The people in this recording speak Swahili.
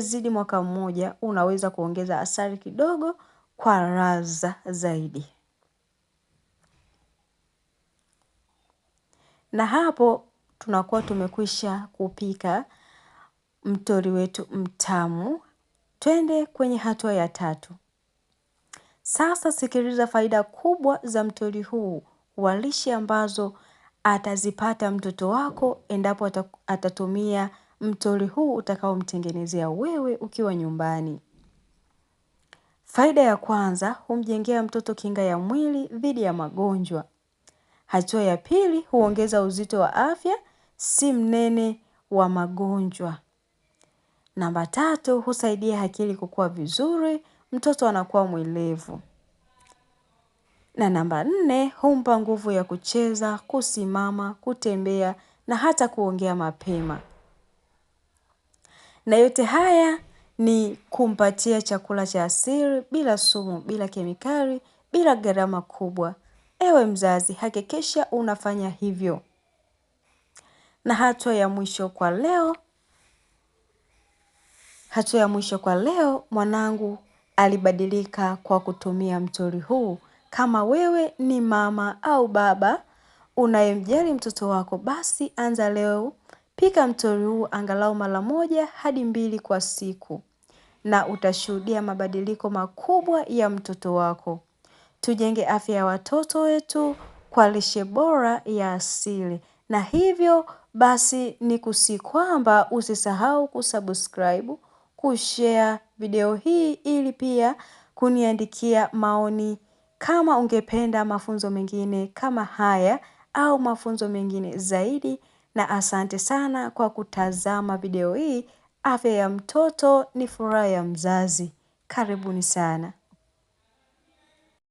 zidi mwaka mmoja unaweza kuongeza asali kidogo kwa raza zaidi. Na hapo tunakuwa tumekwisha kupika mtori wetu mtamu. Twende kwenye hatua ya tatu. Sasa sikiliza faida kubwa za mtori huu wa lishe ambazo atazipata mtoto wako endapo atatumia mtori huu utakaomtengenezea wewe ukiwa nyumbani. Faida ya kwanza, humjengea mtoto kinga ya mwili dhidi ya magonjwa. Hatua ya pili, huongeza uzito wa afya, si mnene wa magonjwa. Namba tatu, husaidia akili kukua vizuri, mtoto anakuwa mwelevu. Na namba nne, humpa nguvu ya kucheza, kusimama, kutembea na hata kuongea mapema. Na yote haya ni kumpatia chakula cha asili bila sumu, bila kemikali, bila gharama kubwa. Ewe mzazi, hakikisha unafanya hivyo. Na hatua ya mwisho kwa leo, hatua ya mwisho kwa leo, mwanangu alibadilika kwa kutumia mtori huu. Kama wewe ni mama au baba, unayemjali mtoto wako basi anza leo Pika mtori huu angalau mara moja hadi mbili kwa siku na utashuhudia mabadiliko makubwa ya mtoto wako. Tujenge afya ya watoto wetu kwa lishe bora ya asili. Na hivyo basi ni kusi kwamba usisahau kusubscribe, kushare video hii ili pia kuniandikia maoni kama ungependa mafunzo mengine kama haya au mafunzo mengine zaidi na asante sana kwa kutazama video hii. Afya ya mtoto ni furaha ya mzazi. Karibuni sana.